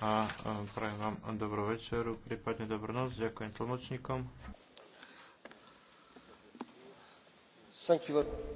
a prajem vám dobrú večeru, prípadne dobrú noc. Ďakujem tlmočníkom. Thank you.